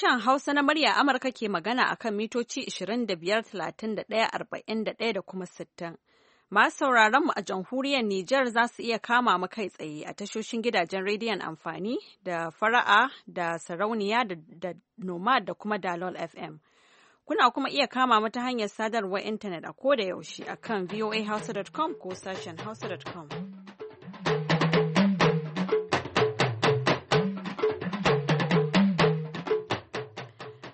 Sashen Hausa na murya Amurka ke magana a kan mitoci 25,31,41 da kuma 60. Masu sauraronmu a jamhuriyar Nijar za su iya kama mu kai tsaye a tashoshin gidajen rediyon amfani da fara'a da sarauniya da nomad da kuma dalol FM. Kuna kuma iya kama mu ta hanyar sadarwar intanet a koda yaushe a kan voahausa.com ko sashen hausa.com.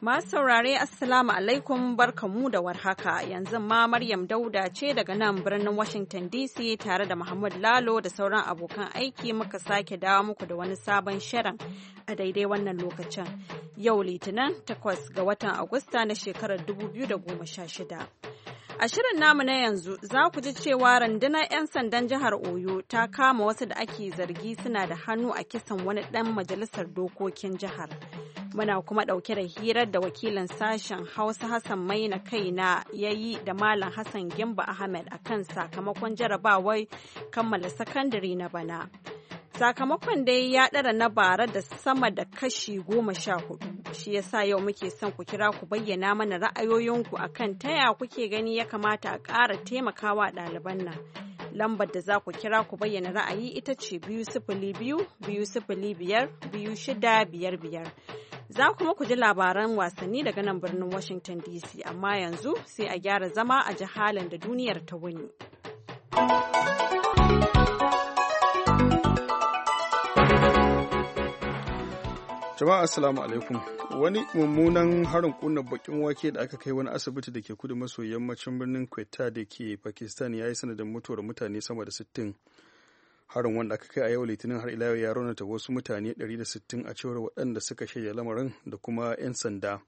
Masu saurare Assalamu alaikum mu da warhaka yanzu ma Maryam Dauda ce daga nan birnin Washington DC tare da Muhammad Lalo da sauran abokan aiki muka sake dawo muku da wani sabon shirin a daidai wannan lokacin. Yau Litinin takwas ga watan Agusta na shekarar 2016. A shirin namu na yanzu za ku ji cewa rundunar 'yan sandan jihar Oyo ta kama wasu da ake zargi suna da hannu a kisan wani ɗan majalisar dokokin jihar. Muna kuma ɗauke da hirar da wakilin sashen Hausa Hassan Maina kaina ya yi da Malam Hassan Gimba Ahmed a kan sakamakon jarabawar kammala sakandare na bana. Sakamakon dai ya ɗara na bara da sama da kashi goma sha hudu. Shi yasa yau muke son ku kira ku bayyana mana ra'ayoyinku akan taya kuke gani ya kamata a ƙara taimakawa ɗaliban nan. Lambar da za ku kira ku bayyana ra'ayi ita ce biyu sifili biyu biyu sifili biyar biyu shida Za kuma ku ji labaran wasanni daga nan birnin Washington DC amma yanzu sai a gyara zama a jihalin da duniyar ta wuni. jama'a assalamu alaikum wani mummunan harin kunna bakin wake da aka kai wani asibiti da ke kudu maso yammacin birnin kweta da ke pakistan ya yi sanadin mutuwar mutane sama da 60 harin wanda aka kai a yau litinin har ila ya raunata wasu mutane 160 a cewar waɗanda suka shaida lamarin da kuma 'yan sanda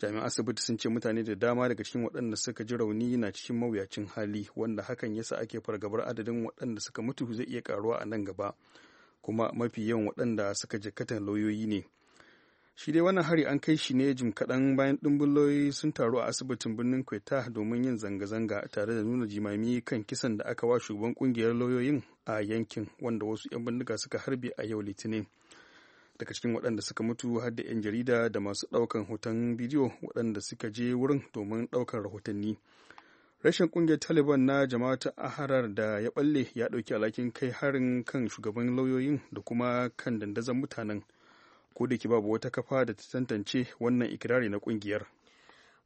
jami'an asibiti sun ce mutane da dama daga cikin waɗanda suka ji rauni na cikin mawuyacin hali wanda hakan yasa ake fargabar adadin waɗanda suka mutu zai iya karuwa a nan gaba. kuma mafi yawan waɗanda suka jakatan lauyoyi ne shi dai wannan hari an kai shi ne jim kaɗan bayan ɗumbin lauyoyi sun taru a asibitin birnin kweta domin yin zanga-zanga tare da nuna jimami kan kisan da aka wa shugaban ƙungiyar lauyoyin a yankin wanda wasu 'yan bindiga suka harbe a yau litinin daga cikin waɗanda suka mutu har da 'yan jarida da masu ɗaukan hoton bidiyo waɗanda suka je wurin domin ɗaukar rahotanni rashin kungiyar taliban na jama'ata aharar da ya balle ya ɗauki alhakin kai harin kan shugaban lauyoyin da kuma kan dandazon mutanen ko da ke babu wata kafa da ta tantance wannan ikirari na kungiyar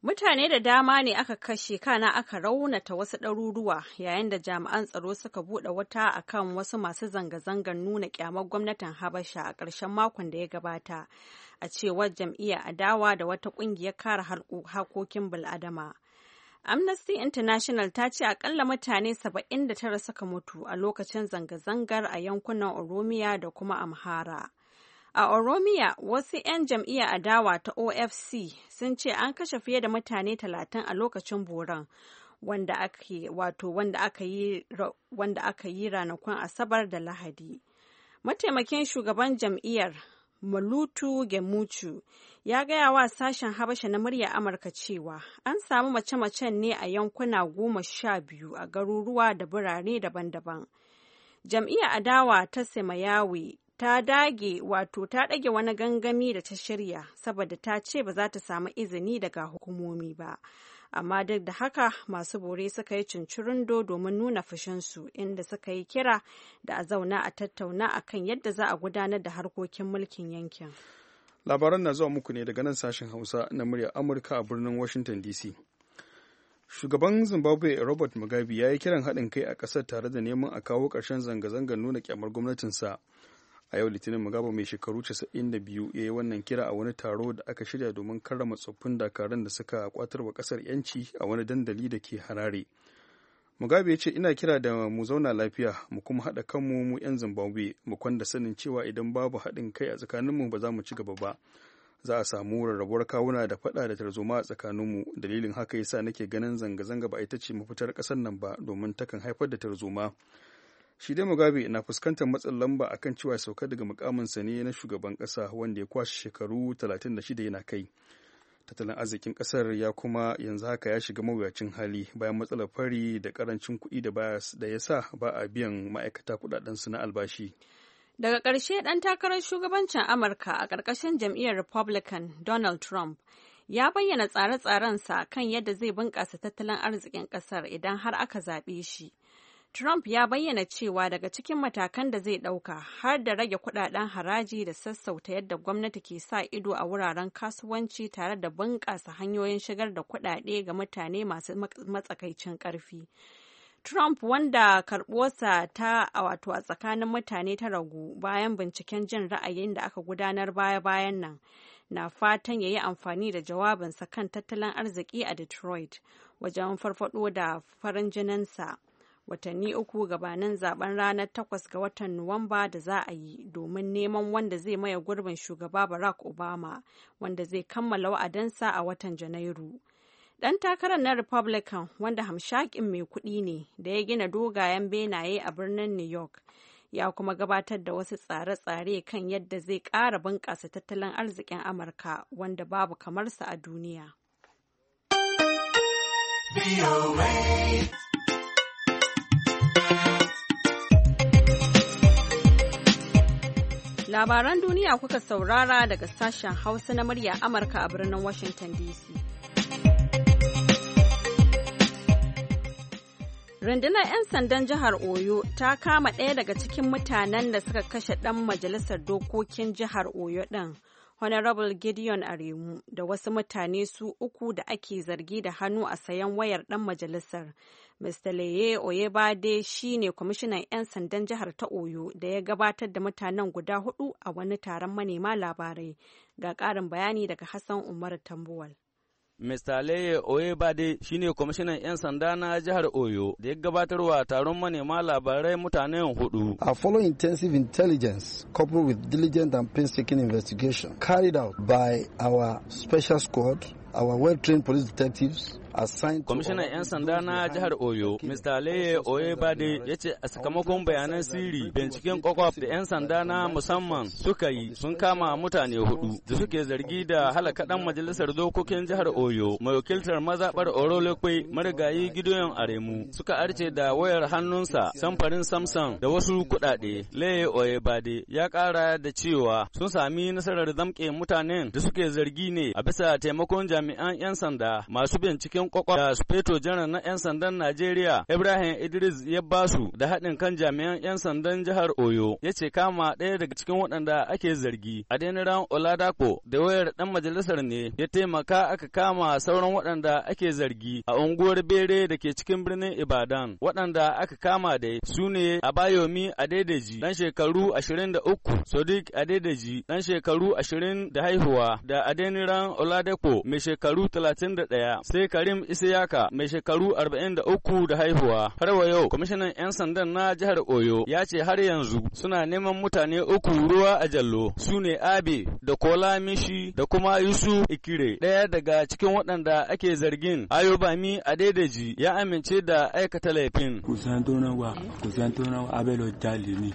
mutane da dama ne aka kashe kana aka raunata wasu ɗaruruwa yayin da jami'an tsaro suka buɗe wata a kan wasu masu zanga-zangar nuna kyamar gwamnatin habasha a ƙarshen makon da ya gabata a cewar jam'iyyar adawa da wata ƙungiyar kare harkokin bil'adama. Amnesty International ta ce akalla mutane 79 suka mutu a lokacin zanga-zangar a yankunan Oromiya da kuma Amhara. A Oromiya, wasu 'yan jam'iyya adawa ta OFC sun ce an kashe fiye da mutane 30 a lokacin boron. Wanda wanda aka yi ranakun Asabar da Lahadi. Mataimakin shugaban jam'iyyar Malutu Gemuchu ya gaya wa sashen Habasha na murya Amurka cewa an samu mace-macen ne a yankuna goma sha biyu a garuruwa da birane daban-daban. Jam'iyya adawa ta Semayawe ta dage wato ta dage wani gangami da ta shirya saboda ta ce ba za ta samu izini daga hukumomi ba. amma duk da haka masu bore suka yi cincirindo domin nuna fushinsu inda suka yi kira da a zauna a tattauna a kan yadda za a gudanar da harkokin mulkin yankin labaran na zuwa muku ne daga nan sashen hausa na muryar amurka a birnin washington dc shugaban zimbabwe robert mugabe ya yi kiran haɗin kai a ƙasar tare da neman a kawo ƙarshen zanga-zangar nuna ƙyamar gwamnatinsa a yau litinin mugabe mai shekaru 92 ya yi wannan kira a wani taro da aka shirya domin karrama tsoffin dakarun da suka kwatar wa kasar yanci a wani dandali da ke harare mugabe ya ce ina kira da mu zauna lafiya mu kuma haɗa kanmu mu 'yan zimbabwe mu kwanda sanin cewa idan babu haɗin kai a tsakaninmu ba za mu ci gaba ba za a samu rarrabuwar kawuna da faɗa da tarzoma a tsakaninmu dalilin haka yasa nake ganin zanga-zanga ba ita ce mafitar ƙasar nan ba domin takan haifar da tarzoma shi dai mugabe na fuskantar matsin lamba akan cewa sauka daga mukaminsa ne na shugaban kasa wanda ya kwashe shekaru 36 yana kai tattalin arzikin kasar ya kuma yanzu haka ya shiga mawuyacin hali bayan matsalar fari da karancin kuɗi da ya sa ba a biyan ma'aikata su na albashi daga karshe dan takarar shugabancin amurka a ƙarƙashin jam'iyyar republican donald trump ya bayyana tsare-tsarensa kan yadda zai bunƙasa tattalin arzikin ƙasar idan har aka zaɓe shi Trump ya bayyana cewa daga cikin matakan da zai ɗauka har da rage kudaden haraji da sassauta yadda gwamnati ke sa ido a wuraren kasuwanci tare da bunƙasa hanyoyin shigar da kuɗaɗe ga mutane masu matsakaicin ƙarfi. Trump wanda karɓuwarsa ta wato a tsakanin mutane ta ragu bayan binciken jin ra'ayin da aka gudanar baya-bayan nan na fatan ya yi amfani da jawabinsa kan tattalin arziki a Detroit wajen farfado da farin jininsa. watanni uku gabanin zaben ranar takwas ga watan Nuwamba da za a yi domin neman wanda zai maye gurbin shugaba Barack Obama wanda zai kammala wa'adansa a watan Janairu. Ɗan takarar na Republican wanda hamshakin mai kuɗi ne da ya gina dogayen benaye a birnin New York. ya kuma gabatar da wasu tsare-tsare kan yadda zai ƙara bunƙasa tattalin arzikin amurka wanda babu kamar sa a duniya. Labaran duniya kuka saurara daga sashen Hausa na murya Amurka a birnin Washington DC. Rundunar 'yan sandan jihar Oyo ta kama ɗaya daga cikin mutanen da suka kashe ɗan majalisar dokokin jihar Oyo ɗin. Honorable Gideon Aremu da wasu mutane su uku da ake zargi da hannu a sayan wayar ɗan majalisar Mr. Leye Oyebade shi ne kwamishinan 'yan sandan jihar ta Oyo da ya gabatar da mutanen guda hudu a wani taron manema labarai. Ga ƙarin bayani daga Hassan Umar Tambuwal. Mr. Leye Oyebade shi ne kwamishinan 'yan sanda na jihar Oyo da ya gabatar gabatarwa taron manema labarai mutanen hudu. A follow intensive intelligence coupled with diligent and painstaking investigation carried out by our special squad our Kwamishinan 'yan sanda na jihar Oyo, Mr. oye bade. ya ce a sakamakon bayanan siri. binciken kwakwaf da 'yan sanda na musamman suka yi sun kama mutane hudu da suke zargi da halaka dan majalisar dokokin jihar Oyo mai wakiltar mazaɓar Orolekwe marigayi Gideon Aremu suka arce da wayar hannunsa samfarin Samsung da wasu kuɗaɗe. Leye bade. ya ƙara da cewa sun sami nasarar zamke mutanen da suke zargi ne a bisa taimakon jami'an jami'an 'yan sanda masu binciken kwakwa da speto janar na 'yan sandan Najeriya Ibrahim Idris ya basu da haɗin kan jami'an 'yan sandan jihar Oyo ya ce kama ɗaya daga cikin waɗanda ake zargi a ran Oladako da wayar ɗan majalisar ne ya taimaka aka kama sauran waɗanda ake zargi a unguwar Bere da ke cikin birnin Ibadan waɗanda aka kama da su ne Abayomi Adedeji dan shekaru 23 Sadiq Adedeji dan shekaru 20 da haihuwa da Adeniran Oladako mai shekaru ɗaya sai Karim Isiyaka mai shekaru arba'in da uku da haihuwa. Har wa yau kwamishinan 'yan sandan na jihar Oyo ya ce har yanzu suna neman mutane uku ruwa a jallo su ne Abe da Kola Mishi da kuma Yusuf Ikire ɗaya daga cikin waɗanda ake zargin Ayobami Adedeji ya amince da aikata laifin. Kusan tonawa, kusan tonawa jali ni,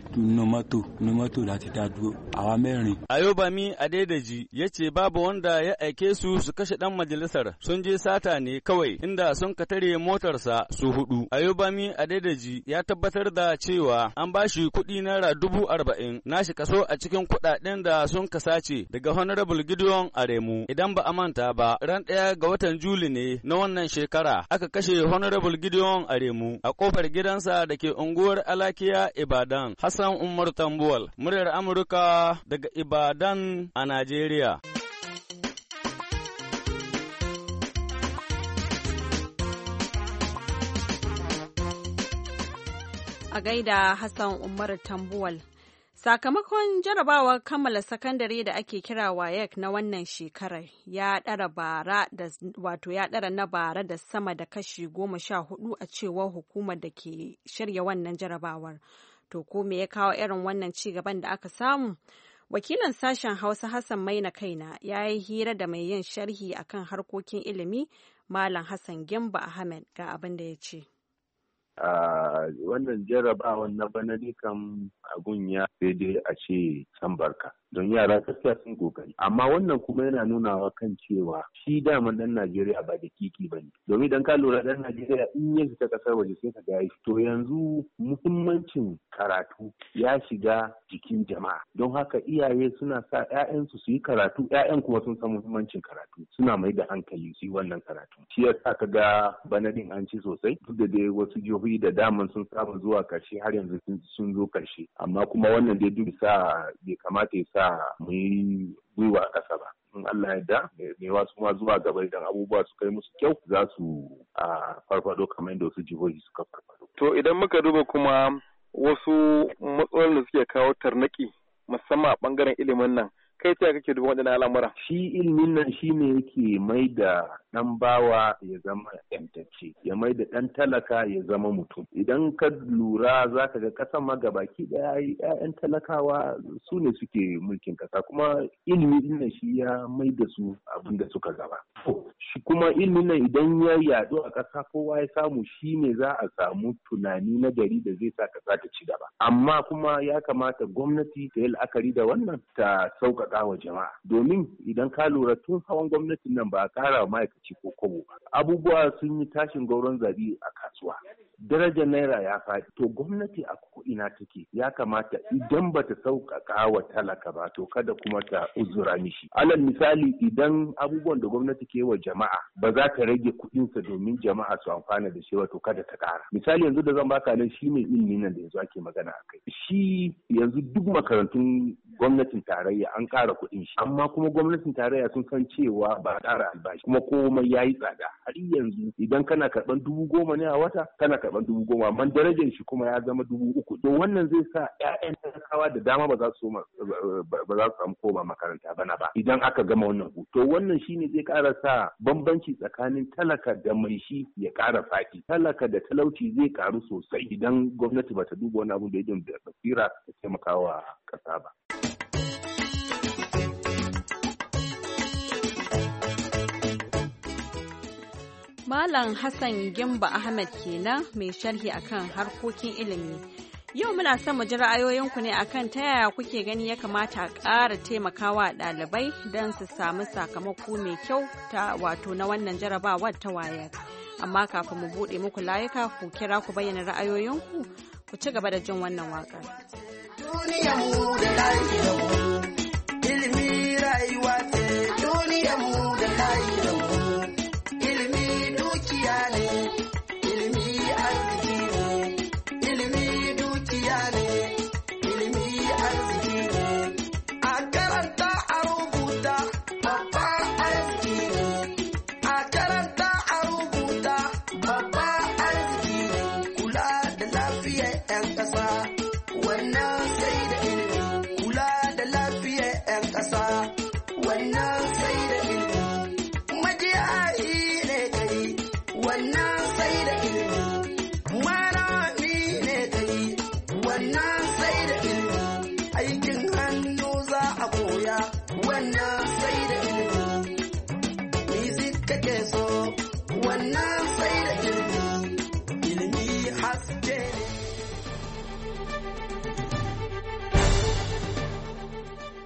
Ayobami Adedeji ya ce babu wanda ya aike su su kashe ɗan majalisar sun je sata ne kawai inda sun ka tare motarsa su hudu. Ayobami Adedaji ya tabbatar da cewa an ba shi kuɗi naira dubu arba'in Na shi kaso a cikin kuɗaɗen da sun ka sace daga Honorable Gideon Aremu. Idan ba a manta ba ran ɗaya ga watan Juli ne na wannan shekara aka kashe Honorable Gideon Aremu a kofar gidansa da ke unguwar Alakiya Ibadan. Hassan Umar Tambuwal, muryar Amurka daga Ibadan a Najeriya. A gaida Hassan Umar Tambuwal. Sakamakon jarabawar kammala sakandare da ake kira WAEC na wannan shekarar ya ɗara bara da wato ya ɗara na bara da sama da kashi goma sha hudu a cewar hukumar da ke shirya wannan jarabawar. To ko me ya kawo irin wannan ci gaban da aka samu? Wakilin sashen Hausa Hassan Maina Kaina ya yi hira da mai yin sharhi akan harkokin ilimi Malam Hassan Gimba Ahmed ga abin da ya ce. wannan jarabawan na bana kam abun ya daidai a ce san barka don yara gaskiya sun kokari amma wannan kuma yana nunawa kan cewa shi dama dan Najeriya ba da kiki bane domin idan ka lura dan Najeriya in ya fita kasar waje sai ka ga to yanzu muhimmancin karatu ya shiga jikin jama'a don haka iyaye suna sa 'ya'yansu su yi karatu 'ya'yan kuma sun san muhimmancin karatu suna mai da hankali su yi wannan karatu shi yasa ka ga banadin an ci sosai duk da dai wasu jihohi da dama sun saba zuwa karshe har yanzu sun zo karshe amma kuma wannan dai duk sa bai kamata ya sa sa mu yi gwiwa a ƙasa ba. in Allah ya da wasu ma zuwa gaba idan abubuwa su kai musu kyau za su a farfado kamar yadda wasu jihohi suka farfado. To idan muka duba kuma wasu matsalolin da suke kawo tarnaki musamman a ɓangaren ilimin nan kai ta kake duba waɗannan al'amura. Shi ilimin nan shi ne yake mai da ɗan bawa ya zama yantacce ya mai da ɗan talaka ya zama mutum idan ka lura za ka ga ƙasa ma gabaki ɗaya ‘ya'yan talakawa su ne suke mulkin ƙasa kuma ilimi ɗin shi ya mai da su abin da suka gaba shi kuma ilimin nan idan ya yaɗu a ƙasa kowa ya samu shi ne za a samu tunani na gari da zai sa ƙasa ta ci gaba amma kuma ya kamata gwamnati ta yi la'akari da wannan ta sauƙaƙa wa jama'a domin idan ka lura tun hawan gwamnatin nan ba a ƙara wa ce ko kobo abubuwa sun yi tashin gauron zabi a kasuwa darajar naira ya faɗi to gwamnati a ina take ya kamata idan bata sauƙaƙa wa talaka ba to kada kuma ta uzura mishi alal misali idan abubuwan da gwamnati ke wa jama'a ba za ta rage kuɗinsa domin jama'a su amfana da shi ba to kada ta ƙara misali yanzu da zan baka nan shi ne ilimi nan da yanzu ake magana a kai. shi yanzu duk makarantun gwamnatin tarayya an ƙara kuɗin shi amma kuma gwamnatin tarayya sun san cewa ba ƙara albashi kuma komai ya yi tsada har yanzu idan kana karɓan dubu goma ne a wata kana karɓan dubu goma amma darajar shi kuma ya zama dubu uku uku to wannan zai sa 'ya'yan talakawa da dama ba za su ba za su samu koma makaranta bana ba idan aka gama wannan to wannan shine zai ƙara sa bambanci tsakanin talaka da mai shi ya ƙara faɗi talaka da talauci zai ƙaru sosai idan gwamnati ba ta duba wani abu da idon da basira ta taimakawa ƙasa ba. Malam Hassan Gimba Ahmed kenan mai sharhi akan harkokin ilimi. Yau muna son mu ji ra'ayoyinku ne akan ta yaya kuke gani ya kamata a ƙara taimakawa ɗalibai don su samu sakamako mai kyau ta wato na wannan jarabawar ta wayar Amma kafin mu buɗe muku layuka ku kira ku bayyana ra'ayoyinku ku ci gaba da jin wannan waƙar.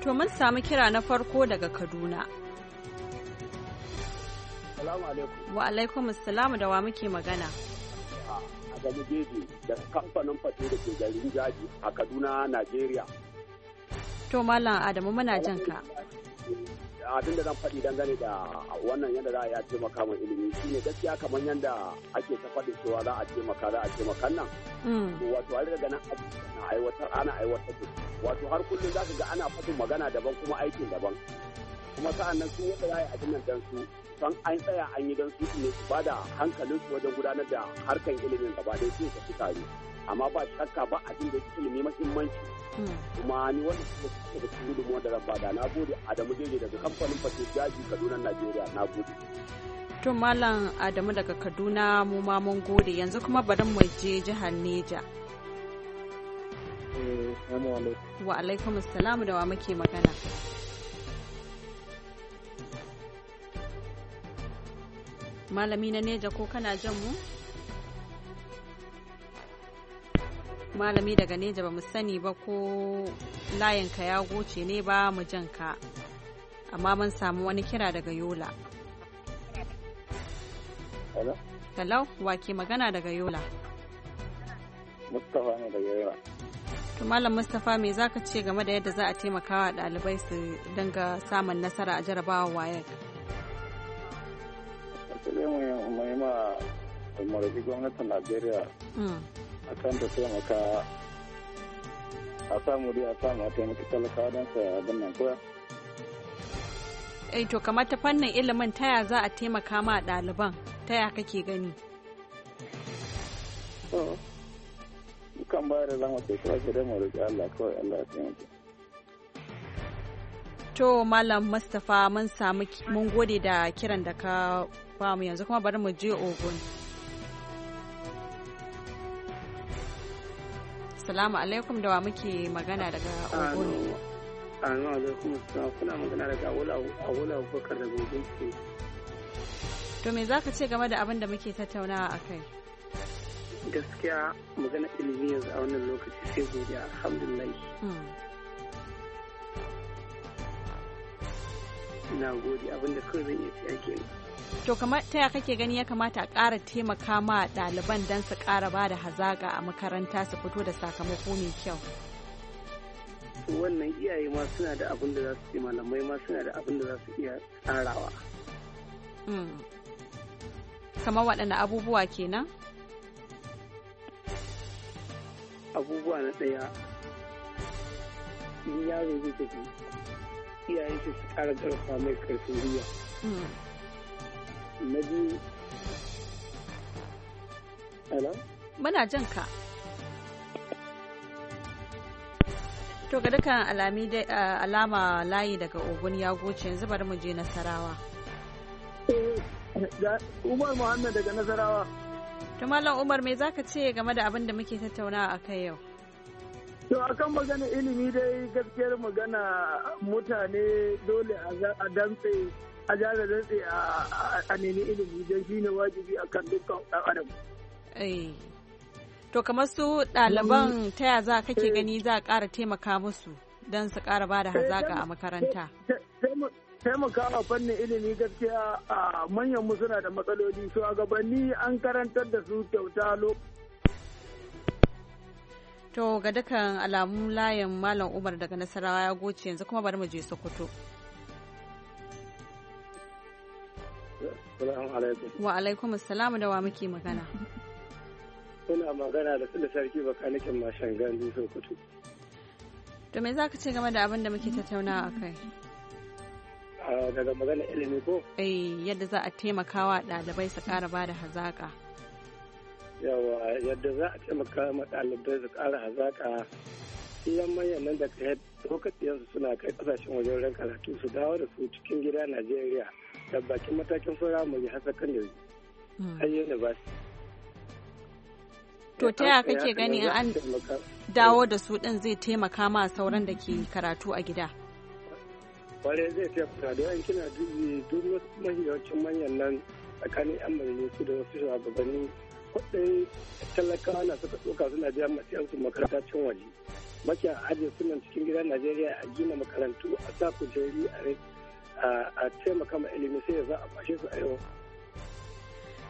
To mun samu kira na farko daga Kaduna. Salamu alaikum. Wa alaikum salamu da wa muke magana. A gani jeji da kamfanin fate da ke garin jaji a Kaduna, Najeriya. To Malam Adamu muna jan ka. abin da zan faɗi dangane da wannan yadda za a yi a taimaka mai ilimi shine gaskiya kamar yadda ake ta faɗi cewa za a taimaka za a taimaka nan. Mm. Wato har daga nan na aiwatar ana aiwatar da wato har kullum za ka ga ana faɗin magana daban kuma aikin daban. Kuma sa'an nan sun yadda za a yi abin nan dan su san an tsaya an yi dan su ne su bada hankalinsu wajen gudanar da harkan ilimin gaba ɗaya su tafi fi Amma ba shakka ba abin da ilimi mahimmanci kuma ni wanda kuma suke da cikin gudunmuwa da rabada na gode adamu jeje daga kamfanin fashe jaji kaduna najeriya na gode to malam adamu daga kaduna mu ma mun gode yanzu kuma bari mu je jihar neja eh, wa alaikum assalamu da wa muke magana malami na neja ko kana jan mu malami daga neja ba mu sani ba ko layinka ya goce ne ba mu jan ka amma mun samu wani kira daga yola hello wake magana daga yola mustafa ne daga yola to malam mustapha me za ka ce game da yadda za a taimaka wa dalibai su dinga samun nasara a jarabawa ne mu yi ma gwamnatin najeriya hmm. akan da taimaka a samu dai a samu a taimaki talaka don sa abin nan koya. Eh to kamar ta fannin ilimin taya za a taimaka ma ɗaliban taya kake gani? To, kan ba da zama sai kawai shi mu roƙi Allah kawai Allah ya taimaka. To Malam Mustapha mun samu mun gode da kiran da ka bamu yanzu kuma bari mu je Ogun. Assalamu alaikum da wa muke magana daga Ogun. Assalamu alaikum kuna magana daga Awula Abubakar da Ogun ce. To me zaka ce game da abin da muke tattaunawa a kai? Gaskiya magana ilimi yanzu a wannan lokaci sai gobe alhamdulillah. Hmm. Na gode abin da kawai zan iya fiya kenan. To kamar ta kake gani ya kamata a ƙara taimaka ma ɗaliban don su ƙara ba da hazaƙa a makaranta su fito da sakamako mai kyau. Wannan iyaye ma suna da abin da za su malamai ma suna da abin da za su iya tsarawa. Hmm. Kamar waɗanne abubuwa kenan? Abubuwa na ɗaya, in yaro zai tafi, iyayen su ƙara ƙarfa mai ƙarfin ruwa. na muna jan ka to ga dukkan alama layi daga ogun ya goce yanzu bari mu je nasarawa eh, umar muhammad daga nasarawa to umar me zaka ce game da abin da muke tattaunawa akai yau To akan magana ilimi dai gaskiyar magana mutane dole a dantse a jara a nemi ilimi don shi ne wajibi a kan dukkan ɗan adam. To kamar su ɗaliban mm. ta ya za kake eh. gani za a ƙara taimaka musu don su ƙara ba da eh, hazaƙa a makaranta. Taimaka a fannin ilimi gaskiya a manyan mu suna da matsaloli su a gabanni an karantar da su kyauta lokacin. To ga dukan alamun layin Malam Umar daga Nasarawa ya goce yanzu kuma bari mu je Sokoto. Assalamu alaikum. da wa muke magana. Kuna magana da Sule Sarki nake mashin gandu Sokoto. To me zaka ce game da abin da muke tattauna a kai. Daga magana ilimi ko? Eh yadda za a wa ɗalibai su ƙara ba da hazaƙa. Yawa yadda za a taimaka wa ɗalibai su ƙara hazaƙa iyan manyan nan da ka yi lokacin suna kai ƙasashen wajen karatu su dawo da su cikin gida Najeriya. da bakin matakin firamare har sakandare hmm. har university to ta yaya kake gani an dawo da su din zai taimaka ma sauran da ke karatu a gida kwarai zai taimaka da yawan kina dubi duk wasu mahiyacin manyan nan tsakanin yan majalisu da wasu shugabanni kudin talakawa na suka tsoka suna biya masu yansu makaranta cin waje makiyar ajiye sunan cikin gidan najeriya a gina makarantu a sa kujeri a rai a taimaka ma ilimi sai ya za a kwashe su a yau.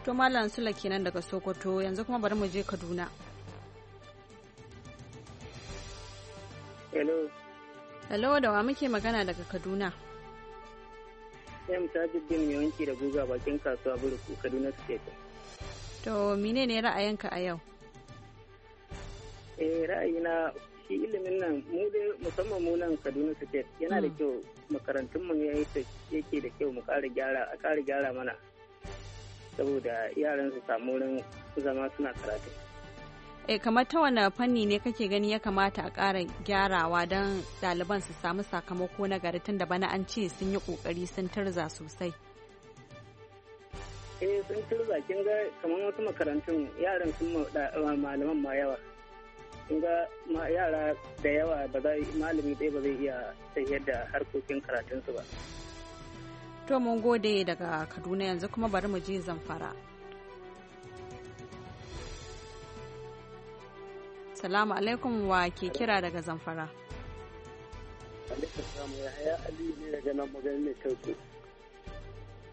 To Malam Sula kenan daga Sokoto yanzu kuma bari mu je Kaduna. Hello. Hello da wa muke magana daga Kaduna. ta Tajuddin mai wanki da guga bakin kasuwa Buruku Kaduna State. To menene ra'ayinka a yau? Eh ra'ayina shi ilimin nan mu dai musamman mu nan Kaduna State yana da hmm. kyau makarantun mu yake da kyau mu ƙara gyara a ƙara gyara mana saboda yaran su samu wurin zama suna karatu. Eh kamar ta wani fanni ne kake gani ya kamata a ƙara gyarawa don ɗaliban su samu sakamako na gari tun da bana an ce sun yi ƙoƙari sun turza sosai. Eh sun turza kin ga kamar wasu makarantun yaran sun malaman ma yawa. kun ga yara da yawa ba za malami ɗaya ba zai iya tafiyar da harkokin karatunsu ba. To mun gode daga Kaduna yanzu kuma bari mu je Zamfara. Salamu alaikum wa ke kira daga Zamfara.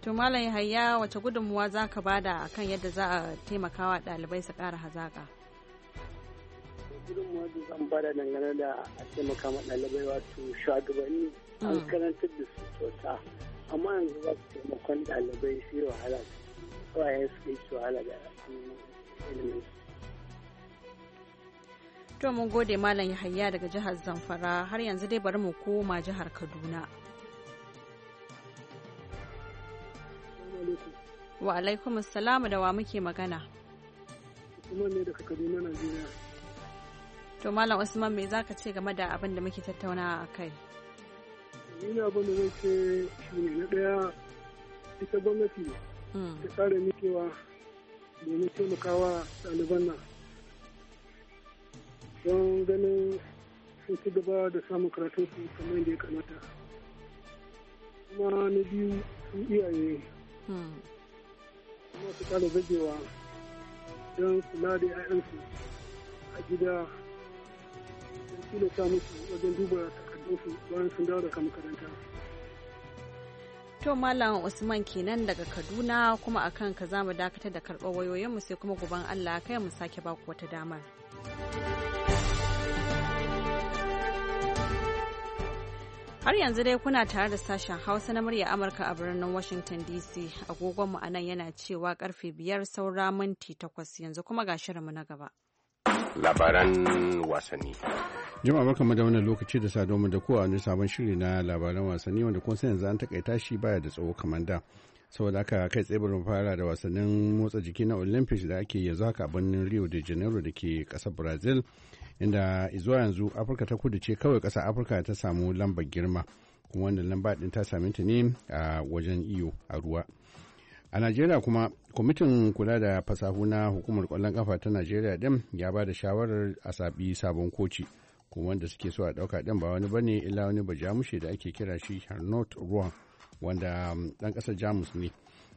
To Malam Yahaya wace gudunmuwa za ka bada kan yadda za a taimakawa ɗalibai su ƙara hazaƙa? gudunmuwa da zan bada dangane da a taimaka ma ɗalibai wato shugabanni an mm. karantar da su kyauta amma yanzu za su taimakon ɗalibai su yi wahala waye su yi su wahala da ilimin To mun gode Malam Yahaya daga jihar Zamfara har yanzu dai bari mu koma jihar Kaduna. Wa alaikum salamu da wa muke magana. Usman ne daga Kaduna, Najeriya. to malam usman me zaka ce game da abin da muke tattaunawa a kai ni abin da zai ce shine na daya ita gwamnati hmm. ta tsara mikewa domin taimakawa ɗaliban nan don ganin sun ci gaba da samun karatun su kamar yadda ya kamata kuma na biyu sun iyaye hmm. kuma su ƙara zagewa don kula da 'ya'yansu a gida sa musu wajen duba takardunsu bayan sun dawo daga makaranta. To Malam Usman kenan daga Kaduna kuma akan ka za mu dakatar da karɓar wayoyinmu sai kuma guban Allah kai mu sake baku wata damar. Har yanzu dai kuna tare da sashen Hausa na murya Amurka a birnin Washington DC. Agogonmu a nan yana cewa karfe biyar saura minti takwas yanzu kuma ga shirinmu na gaba. Labaran wasanni. Jama'a barkanmu da wannan lokaci da saduwa da kowa wani sabon shiri na labaran wasanni wanda kuma sai yanzu an takaita shi baya da tsawo kamar da. Saboda aka kai tsaye bari fara da wasannin motsa jiki na Olympics da ake yanzu haka a birnin Rio de Janeiro da ke kasar Brazil inda zuwa yanzu Afirka ta kudu ce kawai kasa Afirka ta samu lambar girma. Kuma wannan lamba ɗin ta sami ta ne a wajen iyo a ruwa. a najeriya kuma kwamitin kula da fasahu na hukumar kwallon kafa ta najeriya din ya ba da shawarar a sabon koci kuma wanda suke so a ɗauka ɗin ba wani bane illa wani ba bajamushe da ake kira shi Arnold Ruan wanda um, ɗan kasar Jamus ne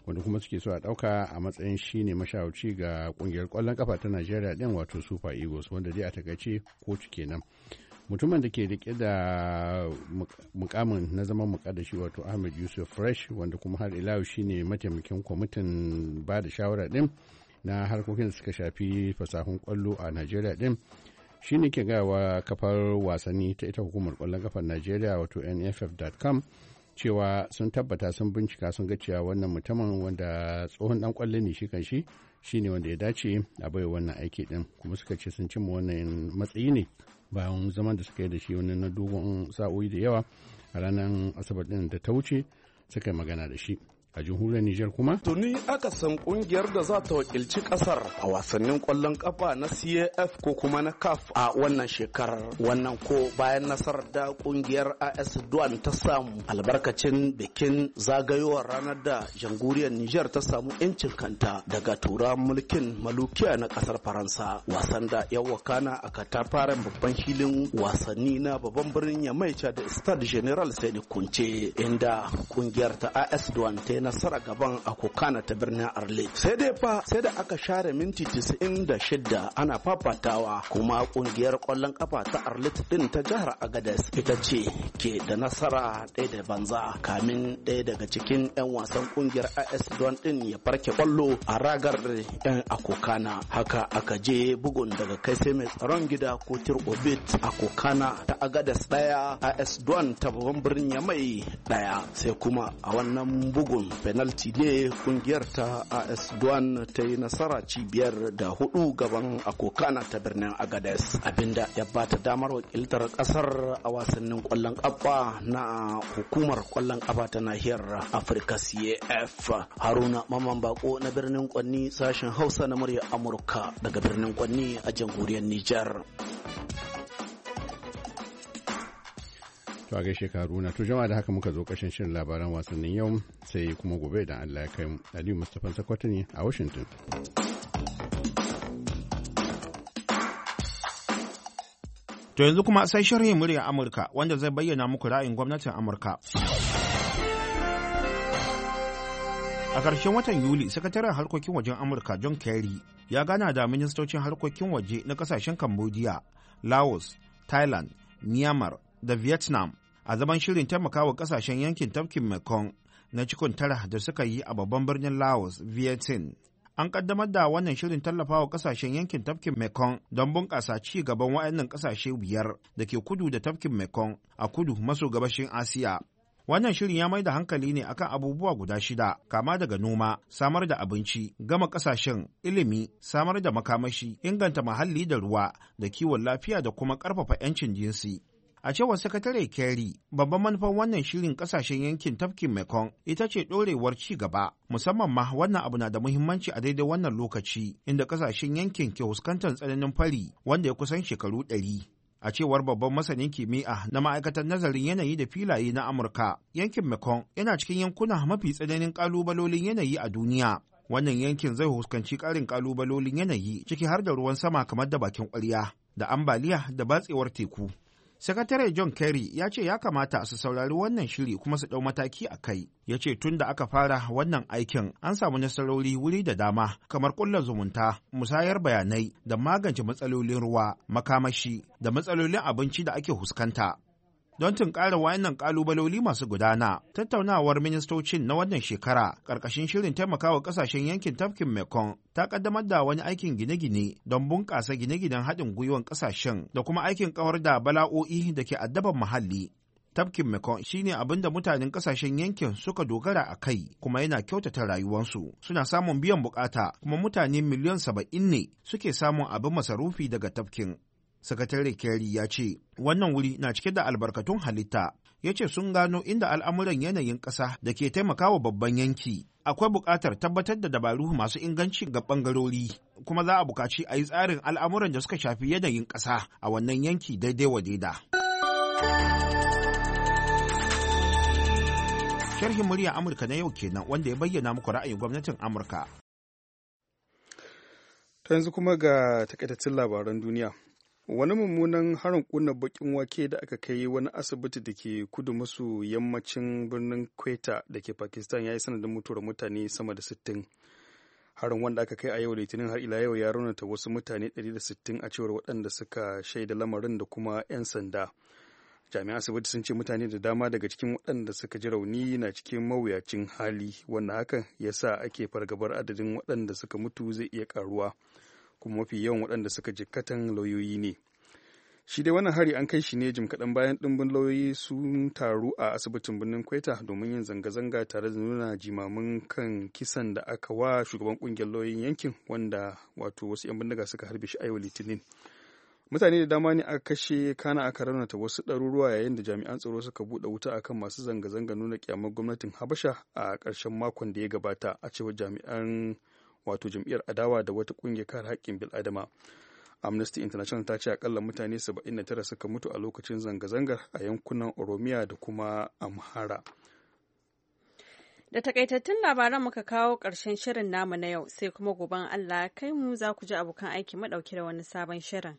wanda kuma suke so a ɗauka a matsayin shi ne mashawarci ga ƙungiyar kwallon kafa ta Najeriya ɗin wato Super Eagles wanda dai a takaice kotu kenan. mutumin da ke rike da um, mukamin na zaman mukadashi wato ahmed yusuf fresh wanda kuma har shi ne mataimakin kwamitin ba da shawara din na harkokin da suka shafi fasahun kwallo a najeriya din shi ne ke gawa kafar wasanni ta ita hukumar kwallon kafar najeriya wato nff.com cewa sun tabbata sun bincika sun ga cewa wannan mutumin wanda tsohon dan kwallo ne shi kan shi ne wanda ya dace a bai wannan aiki din kuma suka ce sun cimma wannan matsayi ne bayan zaman da suka yi da shi wani na dogon sa'o'i da yawa a ranar asabar din da ta wuce suka yi magana da shi a jamhuriyar Nijar kuma? Tuni aka san kungiyar da za ta wakilci kasar a wasannin kwallon kafa na CAF ko kuma na CAF a wannan shekarar. Wannan ko bayan nasarar da kungiyar AS Duan ta samu albarkacin bikin zagayowar ranar da jamhuriyar Nijar ta samu 'yancin kanta daga tura mulkin malukiya na kasar Faransa. Wasan da ya wakana a katafaren babban filin wasanni na babban birnin Yamaica da Stade General Sani Kunce inda kungiyar ta AS Duan ta nasara gaban a kokana ta birnin arle sai dai fa sai da aka share minti da shidda ana fafatawa kuma kungiyar kwallon kafa ta arlit din ta jihar agadas ita ce ke da nasara ɗaya da banza kamin ɗaya daga cikin 'yan wasan kungiyar as don din ya farke kwallo a ragar 'yan akokana haka aka je bugun daga kai sai mai tsaron gida ko obit akokana ta agadas ɗaya as don ta babban birnin ya mai ɗaya sai kuma a wannan bugun penalty ne kungiyar ta AS Duan ta yi nasara cibiyar da hudu gaban Akokana ta birnin Agades abinda ya bata damar wakiltar kasar a wasannin kwallon kafa na hukumar kwallon kafa ta nahiyar Afirka CAF Haruna Maman Bako na birnin Kwanni sashen Hausa na murya Amurka daga birnin Kwanni a jamhuriyar Nijar. To a gaishe Haruna. To jama'a da haka muka zo ƙarshen shirin labaran wasannin yau sai kuma gobe da Allah ya kai mu. Aliyu Mustapha Sakwatani a Washington. To yanzu kuma sai sharhin murya Amurka wanda zai bayyana muku ra'ayin gwamnatin Amurka. A ƙarshen watan Yuli, sakataren harkokin wajen Amurka John Kerry ya gana da ministocin harkokin waje na ƙasashen Cambodia, Laos, Thailand, Myanmar da Vietnam a zaman shirin taimaka wa kasashen yankin tafkin mekong na cikin tara da suka yi a babban birnin laos vietnam an kaddamar da wannan shirin tallafa wa kasashen yankin tafkin mekong don bunƙasa ci gaban waɗannan kasashe biyar da ke kudu da tafkin mekong a kudu maso gabashin asiya wannan shirin ya mai da hankali ne akan abubuwa guda shida kama daga noma samar da abinci gama kasashen ilimi samar da makamashi inganta muhalli da ruwa da kiwon lafiya da kuma ƙarfafa 'yancin jinsi A cewar sakatare Kerry, babban manufan wannan shirin kasashen yankin tafkin Mekong ita ce ɗorewar ci gaba, musamman ma wannan abu na da muhimmanci a daidai wannan lokaci inda kasashen yankin ke fuskantar tsananin fari wanda ya kusan shekaru ɗari. A cewar babban masanin kimiyya na ma'aikatar nazarin yanayi da filaye na Amurka, yankin Mekong yana cikin yankuna mafi tsananin ƙalubalolin yanayi a duniya. Wannan yankin zai fuskanci ƙarin ƙalubalolin yanayi ciki har da ruwan sama kamar da bakin ƙwarya da ambaliya da batsewar teku. sakatare john kerry ya ce ya kamata su saurari wannan shiri kuma su ɗau mataki a kai ya ce tun da aka fara wannan aikin an samu nasarori wuri da dama kamar ƙulla zumunta musayar bayanai da magance matsalolin ruwa makamashi da matsalolin abinci da ake huskanta don tunƙara wayannan ƙalubaloli masu gudana. Tattaunawar ministocin na wannan shekara ƙarƙashin shirin taimakawa ƙasashen yankin tafkin Mekong ta ƙaddamar da wani aikin gine-gine don bunƙasa gine-ginen haɗin gwiwan ƙasashen da kuma aikin kawar da bala'o'i da ke addaban muhalli. Tafkin Mekong shine abin da mutanen ƙasashen yankin suka dogara a kai kuma yana kyautata rayuwarsu suna samun biyan bukata kuma mutane miliyan saba'in ne suke samun abin masarufi daga tafkin. sakatare kerry ya ce wannan wuri na cike da albarkatun halitta ya ce sun gano inda al'amuran yanayin ƙasa da ke taimakawa babban yanki akwai buƙatar tabbatar da dabaru masu inganci ga ɓangarori kuma za a buƙaci a yi tsarin al'amuran da suka shafi yanayin ƙasa a wannan yanki daidai wa daida. Sharhin murya Amurka na yau kenan wanda ya bayyana muku ra'ayin gwamnatin Amurka. Ta yanzu kuma ga takaitattun labaran duniya. wani mummunan harin kunna bakin wake da aka kai wani asibiti da ke kudu masu yammacin birnin kweta da ke pakistan ya yi sanadin mutuwar mutane sama da 60 harin wanda aka kai a yau litinin har ila yau ya raunata wasu mutane 160 a cewar waɗanda suka shaida lamarin da kuma 'yan sanda jami'an asibiti sun ce mutane da dama daga cikin waɗanda suka ji rauni na cikin mawuyacin hali wanda hakan ya sa ake fargabar adadin waɗanda suka mutu zai iya karuwa. kuma mafi yawan waɗanda suka jikkatan lauyoyi ne shi dai wannan hari an kai shi ne jim kaɗan bayan ɗimbin lauyoyi sun taru a asibitin birnin kwaita domin yin zanga-zanga tare da nuna jimamin kan kisan da aka wa shugaban ƙungiyar lauyoyin yankin wanda wato wasu 'yan bindiga suka harbe shi a yau litinin mutane da dama ne aka kashe kana aka raunata wasu ɗaruruwa yayin da jami'an tsaro suka buɗe wuta akan masu zanga-zanga nuna kyamar gwamnatin habasha a ƙarshen makon da ya gabata a cewar jami'an wato jam'iyyar adawa da wata kungiyar kare haƙƙin bil'adama amnesty international ta ce akalla mutane 79 suka mutu a lokacin zanga-zangar a yankunan oromiya da kuma amhara da takaitattun labaran muka kawo ƙarshen shirin namu na yau sai kuma goben allah kai mu za ku ji abokan aiki madauki da wani sabon shirin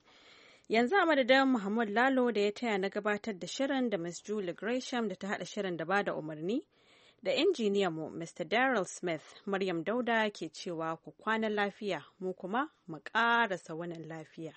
yanzu a madadin muhammad lalo da ya taya na gabatar da shirin da miss julie gresham da ta haɗa shirin da ba da umarni Da injiniyanmu Mr. Daryl Smith, Maryam Dauda ke cewa ku kwana lafiya, mu kuma mu ƙarasa wannan lafiya.